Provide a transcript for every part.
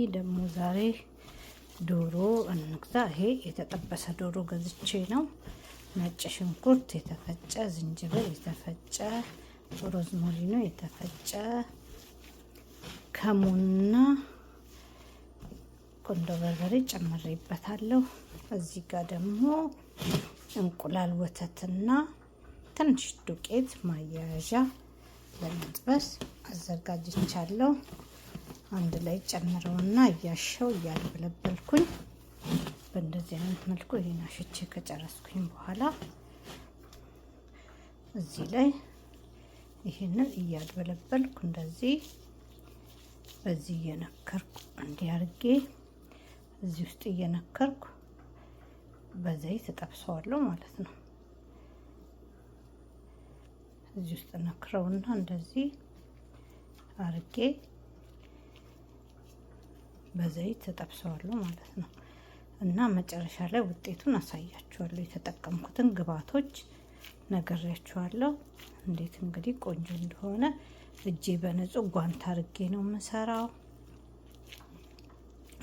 ይህ ደግሞ ዛሬ ዶሮ እንግዛ። ይሄ የተጠበሰ ዶሮ ገዝቼ ነው። ነጭ ሽንኩርት የተፈጨ፣ ዝንጅብል የተፈጨ፣ ሮዝሞሪኖ የተፈጨ፣ ከሙንና ቆንዶ በርበሬ ጨምሬበታለሁ። እዚህ ጋር ደግሞ እንቁላል፣ ወተትና ትንሽ ዱቄት ማያያዣ ለመጥበስ አዘጋጅቻለሁ። አንድ ላይ ጨምረውና እያሸው እያለበለበልኩኝ በእንደዚህ አይነት መልኩ ይሄን አሽቼ ከጨረስኩኝ በኋላ እዚህ ላይ ይሄንን እያልበለበልኩ እንደዚህ በዚህ እየነከርኩ እንዲያርጌ እዚህ ውስጥ እየነከርኩ በዘይት እጠብሰዋለሁ ማለት ነው። እዚህ ውስጥ ነክረውና እንደዚህ አርጌ በዘይት ተጠብሰዋለሁ ማለት ነው። እና መጨረሻ ላይ ውጤቱን አሳያችኋለሁ። የተጠቀምኩትን ግብአቶች ነግሬያችኋለሁ። እንዴት እንግዲህ ቆንጆ እንደሆነ እጄ በንጹህ ጓንት አድርጌ ነው የምሰራው።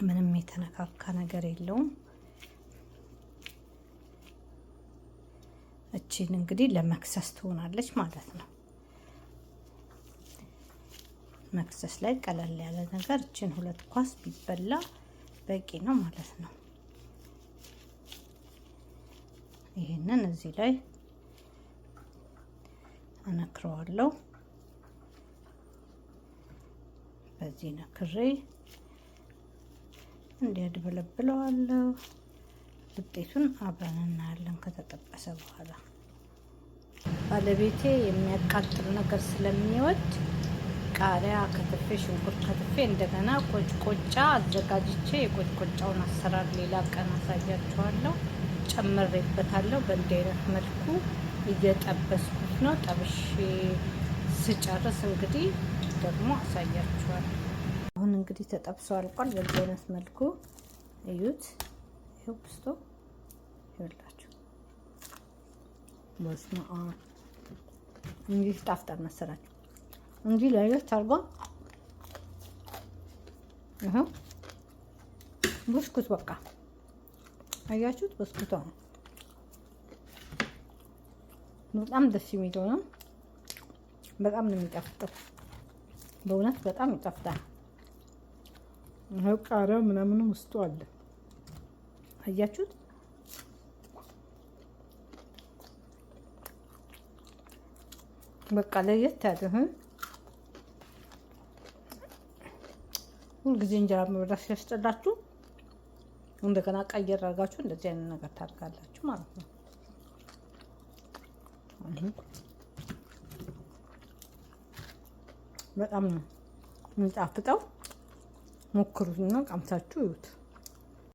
ምንም የተነካካ ነገር የለውም። እቺን እንግዲህ ለመክሰስ ትሆናለች ማለት ነው። መክሰስ ላይ ቀለል ያለ ነገር እችን ሁለት ኳስ ቢበላ በቂ ነው ማለት ነው። ይህንን እዚህ ላይ አነክረዋለሁ። በዚህ ነክሬ እንዲያድበለብለዋለሁ። ውጤቱን አብረን እናያለን ከተጠበሰ በኋላ። ባለቤቴ የሚያቃጥል ነገር ስለሚወድ ቃሪያ ከትፌ ሽንኩርት ከትፌ እንደገና ቆጭቆጫ አዘጋጅቼ የቆጭቆጫውን አሰራር ሌላ ቀን አሳያችኋለሁ። ጨምሬበታለሁ። በእንዲህ አይነት መልኩ እየጠበስኩት ነው። ጠብሼ ስጨርስ እንግዲህ ደግሞ አሳያችኋለሁ። አሁን እንግዲህ ተጠብሶ አልቋል። በዚህ አይነት መልኩ እዩት። ይኸው ብስቶ ይኸውላችሁ። መስማአ እንግዲህ ጣፍጣል መሰላችሁ እንዲህ ለየት አድርጓ ይኸው ብስኩት በቃ አያችሁት፣ ብስኩቷ ነው በጣም ደስ የሚለው ነው። በጣም ነው የሚጣፍጠው፣ በእውነት በጣም ይጣፍጣል። ይኸው ቃሪያው ምናምንም ውስጡ አለ። አያችሁት በቃ ለየት ያለ ሁልጊዜ እንጀራ መብላት ሲያስጠላችሁ እንደገና ቀየር አድርጋችሁ እንደዚህ አይነት ነገር ታደርጋላችሁ ማለት ነው። በጣም ነው የሚጣፍጠው። ሞክሩትና ቀምሳችሁ ይዩት።